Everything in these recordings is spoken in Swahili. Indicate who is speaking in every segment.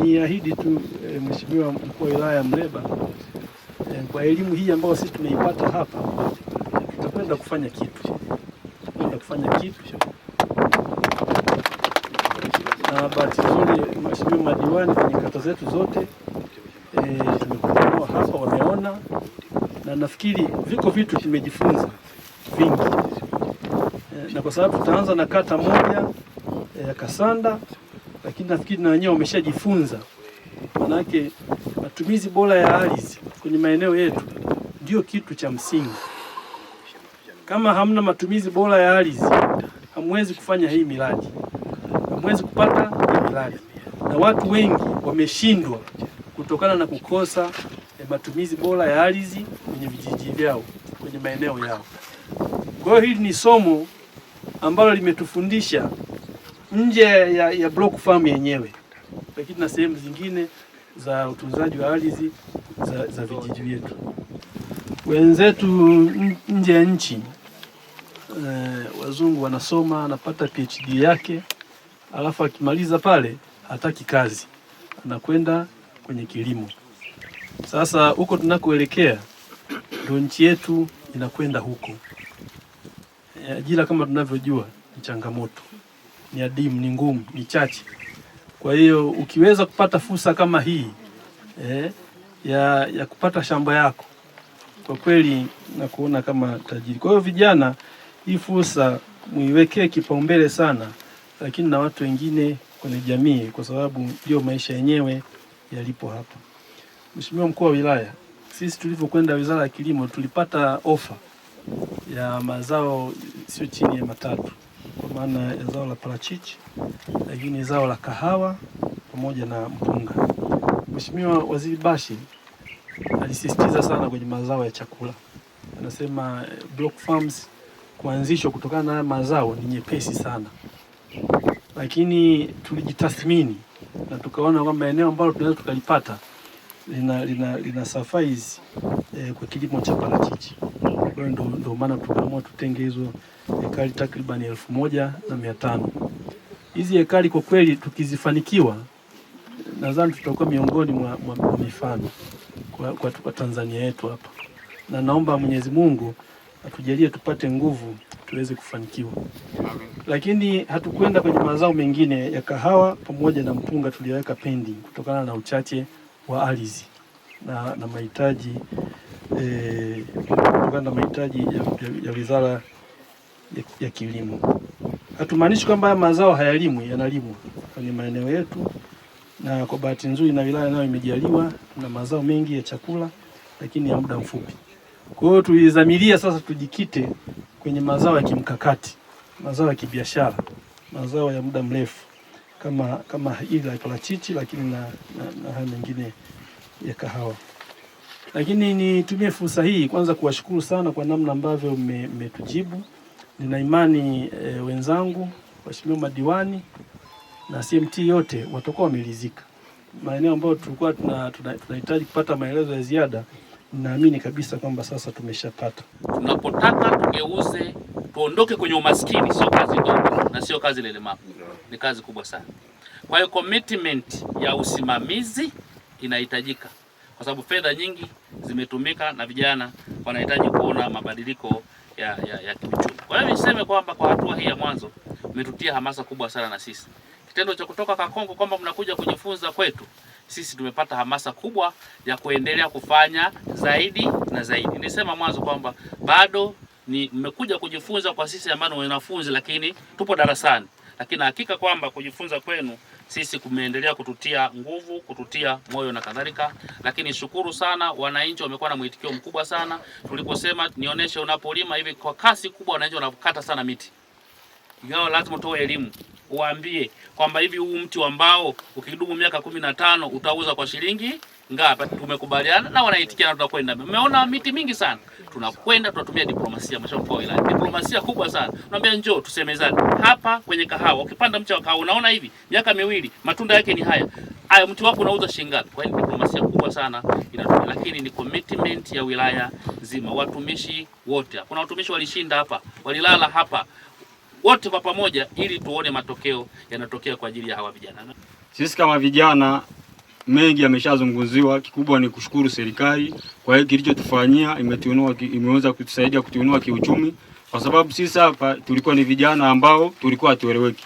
Speaker 1: ni ahidi tu e, Mheshimiwa mkuu wa wilaya ya e, eh, kwa elimu hii ambayo sisi tumeipata hapa tutakwenda kufanya kitu, tutakwenda kufanya kitu na bahati nzuri mheshimiwa madiwani kwenye kata zetu zote e, hapa, wameona na nafikiri viko vitu tumejifunza vingi e, na kwa sababu tutaanza na kata moja ya e, Kasanda lakini nafikiri na wenyewe wameshajifunza. Manake matumizi bora ya ardhi kwenye maeneo yetu ndio kitu cha msingi. Kama hamna matumizi bora ya ardhi, hamwezi kufanya hii miradi, hamwezi kupata hii miradi, na watu wengi wameshindwa kutokana na kukosa eh, matumizi bora ya ardhi kwenye vijiji vyao, kwenye maeneo yao. Kwa hiyo hili ni somo ambalo limetufundisha nje ya, ya block farm yenyewe, lakini na sehemu zingine za utunzaji wa ardhi za, za vijiji vyetu. Wenzetu nje ya nchi uh, wazungu wanasoma, anapata PhD yake, alafu akimaliza pale hataki kazi, anakwenda kwenye kilimo. Sasa huko tunakoelekea ndio nchi yetu inakwenda huko. Eh, ajira kama tunavyojua ni changamoto ni adimu, ni ngumu, ni chache. Kwa hiyo ukiweza kupata fursa kama hii eh, ya, ya kupata shamba yako kwa kweli na kuona kama tajiri. Kwa hiyo vijana, hii fursa muiwekee kipaumbele sana, lakini na watu wengine kwenye jamii, kwa sababu ndio maisha yenyewe yalipo hapa. Mheshimiwa mkuu wa wilaya, sisi tulivyokwenda wizara ya kilimo tulipata ofa ya mazao sio chini ya matatu maana ya zao la parachichi, lakini zao la kahawa pamoja na mpunga. Mheshimiwa Waziri Bashe alisisitiza sana kwenye mazao ya chakula, anasema eh, block farms kuanzishwa kutokana na mazao ni nyepesi sana, lakini tulijitathmini na tukaona kwamba eneo ambalo tunaweza tukalipata lina, lina, lina suffice eh, kwa kilimo cha parachichi. Kwa hiyo ndo maana tukaamua tutenge hizo hekari takriban elfu moja na mia tano. Hizi hekari kwa kweli tukizifanikiwa, nadhani tutakuwa miongoni mwa, mwa, mwa mifano kwa, kwa, kwa Tanzania yetu hapa, na naomba Mwenyezi Mungu atujalie tupate nguvu tuweze kufanikiwa. Lakini hatukwenda kwenye mazao mengine ya kahawa pamoja na mpunga tuliyoweka pending kutokana na uchache wa ardhi na, na mahitaji eh, kutokana na mahitaji ya, ya, ya wizara ya, ya kilimo. Hatumaanishi kwamba haya mazao hayalimwi, yanalimwa kwenye maeneo yetu, na kwa bahati nzuri na wilaya nayo imejaliwa na mazao mengi ya chakula, lakini ya muda mfupi. Kwa hiyo tulidhamiria sasa tujikite kwenye mazao ya kimkakati, mazao ya kibiashara, mazao ya muda mrefu kama kama ile ya parachichi, lakini na, na, na haya mengine ya kahawa. Lakini nitumie fursa hii kwanza kuwashukuru sana kwa namna ambavyo mmetujibu. Nina imani e, wenzangu waheshimiwa madiwani na CMT yote watakuwa wamelizika Maeneo ambayo tulikuwa tunahitaji tuna, tuna kupata maelezo ya ziada, naamini kabisa kwamba sasa tumeshapata.
Speaker 2: Tunapotaka tugeuze, tuondoke kwenye umaskini, sio kazi ndogo na sio kazi lelemavu, ni kazi kubwa sana. Kwa hiyo commitment ya usimamizi inahitajika kwa sababu fedha nyingi zimetumika na vijana wanahitaji kuona mabadiliko ya, ya, ya kiuchumi. Kwa hiyo niseme kwamba kwa hatua hii ya mwanzo mmetutia hamasa kubwa sana, na sisi kitendo cha kutoka Kakongo kwamba mnakuja kujifunza kwetu sisi tumepata hamasa kubwa ya kuendelea kufanya zaidi na zaidi. nisema mwanzo kwamba bado ni mmekuja kujifunza kwa sisi ambao ni wanafunzi, lakini tupo darasani, lakini hakika kwamba kujifunza kwenu sisi kumeendelea kututia nguvu, kututia moyo na kadhalika. Lakini shukuru sana, wananchi wamekuwa na mwitikio mkubwa sana. Tuliposema nionyeshe unapolima hivi kwa kasi kubwa, wananchi wanakata sana miti ingawa lazima utoe elimu uambie kwamba hivi huu mti wa mbao ukidumu miaka kumi na tano utauza kwa shilingi ngapi? Tumekubaliana na wanaitikia na tutakwenda. Umeona miti mingi sana, tunakwenda tunatumia diplomasia, mashauri kwa wilaya, diplomasia kubwa sana. Naambia njoo tusemezane hapa kwenye kahawa. Ukipanda mti wa kahawa, unaona hivi miaka miwili matunda yake ni haya haya, mti wako unauza shilingi ngapi? Kwa hiyo diplomasia kubwa sana inatumia, lakini ni commitment ya wilaya nzima, watumishi wote. Kuna watumishi walishinda hapa, walilala hapa wote kwa pamoja, ili tuone matokeo yanatokea kwa ajili ya hawa vijana.
Speaker 3: Sisi kama vijana, mengi yameshazungumziwa. Kikubwa ni kushukuru serikali kwa hiyo kilichotufanyia, imetuinua, imeweza kutusaidia kutuinua kiuchumi, kwa sababu sisi hapa tulikuwa ni vijana ambao tulikuwa hatueleweki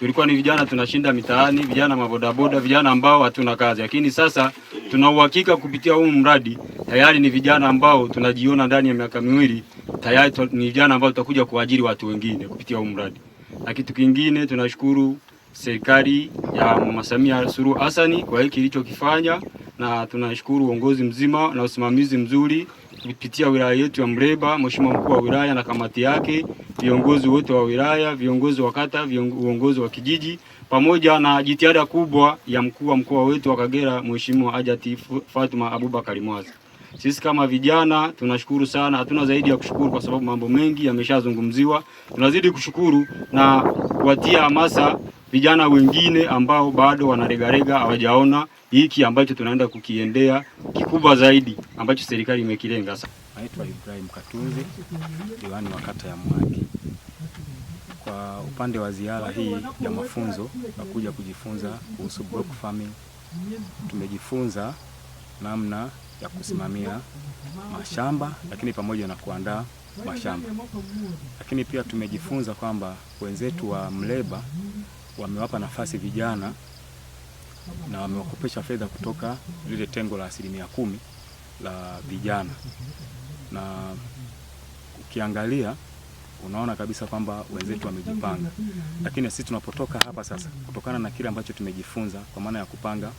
Speaker 3: tulikuwa ni vijana tunashinda mitaani, vijana mabodaboda, vijana ambao hatuna kazi, lakini sasa tuna uhakika kupitia huu mradi tayari ni vijana ambao tunajiona ndani ya miaka miwili tayari ni vijana ambao tutakuja kuajiri watu wengine kupitia huu mradi. Na kitu kingine tunashukuru serikali ya Mama Samia Suluhu Hassan kwa hiki kilichokifanya, na tunashukuru uongozi mzima na usimamizi mzuri kupitia wilaya yetu ya mreba Mheshimiwa mkuu wa wilaya na kamati yake, viongozi wote wa wilaya, viongozi wa kata, viongozi wa kijiji, pamoja na jitihada kubwa ya mkuu wa mkoa wetu wa Kagera, Mheshimiwa ajati Fatuma Abubakar Mwaza. Sisi kama vijana tunashukuru sana, hatuna zaidi ya kushukuru kwa sababu mambo mengi yameshazungumziwa. Tunazidi kushukuru na kuwatia hamasa vijana wengine ambao bado wanaregarega hawajaona hiki ambacho tunaenda kukiendea kikubwa zaidi ambacho serikali imekilenga.
Speaker 4: Naitwa Ibrahim Katunzi, diwani wa kata ya Mwaki. Kwa upande wa ziara hii ya mafunzo na kuja kujifunza kuhusu block farming, tumejifunza namna ya kusimamia mashamba lakini pamoja na kuandaa mashamba, lakini pia tumejifunza kwamba wenzetu wa Mleba wamewapa nafasi vijana na wamewakopesha fedha kutoka lile tengo la asilimia kumi la vijana, na ukiangalia unaona kabisa kwamba wenzetu wamejipanga, lakini sisi tunapotoka hapa sasa, kutokana na kile ambacho tumejifunza kwa maana ya kupanga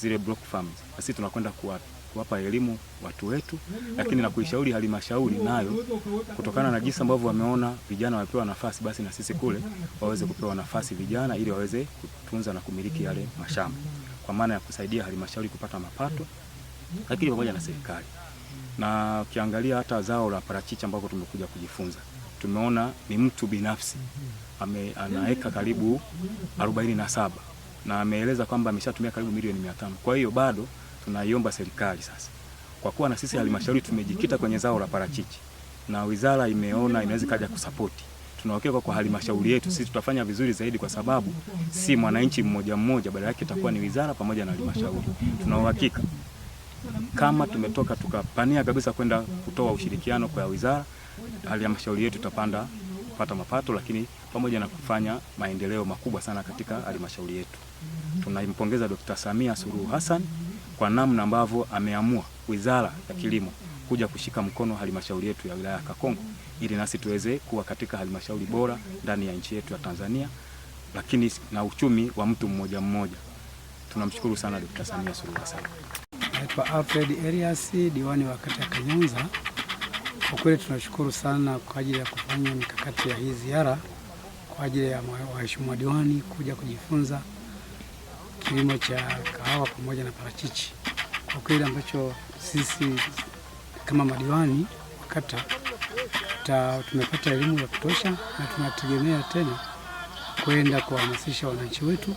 Speaker 4: zile block farms, na sisi tunakwenda kuwapi? kuwapa elimu watu wetu, lakini na kuishauri halmashauri nayo, kutokana na jinsi ambavyo wameona vijana wapewa nafasi, basi na sisi kule waweze kupewa nafasi vijana, ili waweze kutunza na kumiliki yale mashamba, kwa maana ya kusaidia halmashauri kupata mapato, lakini pamoja na serikali. Na ukiangalia hata zao la parachichi ambako tumekuja kujifunza, tumeona ni mtu binafsi ame, anaweka karibu 47 na ameeleza kwamba ameshatumia karibu milioni 500. Kwa hiyo bado tunaiomba serikali sasa, kwa kuwa na sisi halmashauri tumejikita kwenye zao la parachichi na wizara imeona inaweza kaja kusapoti tunawekea kwa halmashauri yetu, sisi tutafanya vizuri zaidi, kwa sababu si mwananchi mmoja mmoja, badala yake itakuwa ni wizara pamoja na halmashauri. Tuna kama tumetoka tukapania kabisa kwenda kutoa ushirikiano kwa wizara, halmashauri yetu tutapanda kupata mapato, lakini pamoja na kufanya maendeleo makubwa sana katika halmashauri yetu. Tunampongeza Dr. Samia Suluhu Hassan kwa namna ambavyo ameamua Wizara ya Kilimo kuja kushika mkono halmashauri yetu ya wilaya ya Kakongo ili nasi tuweze kuwa katika halmashauri bora ndani ya nchi yetu ya Tanzania, lakini na uchumi wa mtu mmoja mmoja. Tunamshukuru sana Dkt. Samia Suluhu Hassan.
Speaker 1: Naitwa Alfred Elias, diwani wa kata ya Kwa kweli tunashukuru sana kwa ajili ya kufanya mikakati ya hii ziara kwa ajili ya waheshimiwa diwani kuja kujifunza kilimo cha kahawa pamoja na parachichi, kwa kweli ambacho sisi kama madiwani wa kata ta, tumepata elimu ya kutosha na tunategemea tena kwenda kuwahamasisha wananchi wetu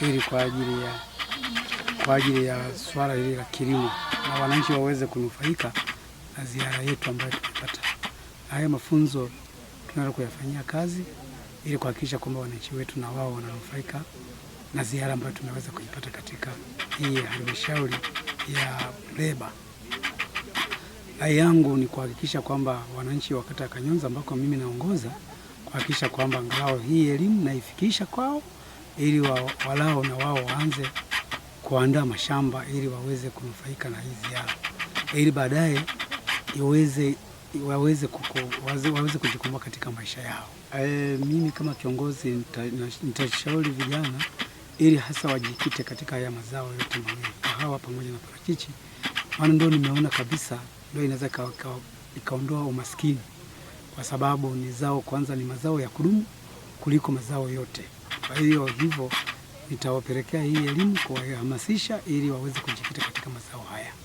Speaker 1: ili kwa ajili ya, kwa ajili ya swala hili la kilimo na wananchi waweze kunufaika na ziara yetu ambayo tumepata. Haya mafunzo tunaweza kuyafanyia kazi ili kuhakikisha kwamba wananchi wetu na wao wananufaika na ziara ambayo tumeweza kuipata katika hii halmashauri ya Leba. Rai yangu ni kuhakikisha kwamba wananchi wa kata ya Kanyonza ambako mimi naongoza, kuhakikisha kwamba angalau hii elimu naifikisha kwao, ili wa, walao na wao waanze kuandaa mashamba ili waweze kunufaika na hii ziara, ili baadaye iweze waweze waweze kujikomboa katika maisha yao. E, mimi kama kiongozi nitashauri vijana ili hasa wajikite katika haya mazao yote mawili, kahawa pamoja na parachichi, maana ndio nimeona kabisa ndio inaweza ikaondoa umaskini, kwa sababu ni zao kwanza, ni mazao ya kudumu kuliko mazao yote. Kwa hiyo hivyo nitawapelekea hii elimu kuwahamasisha ili waweze kujikita katika mazao haya.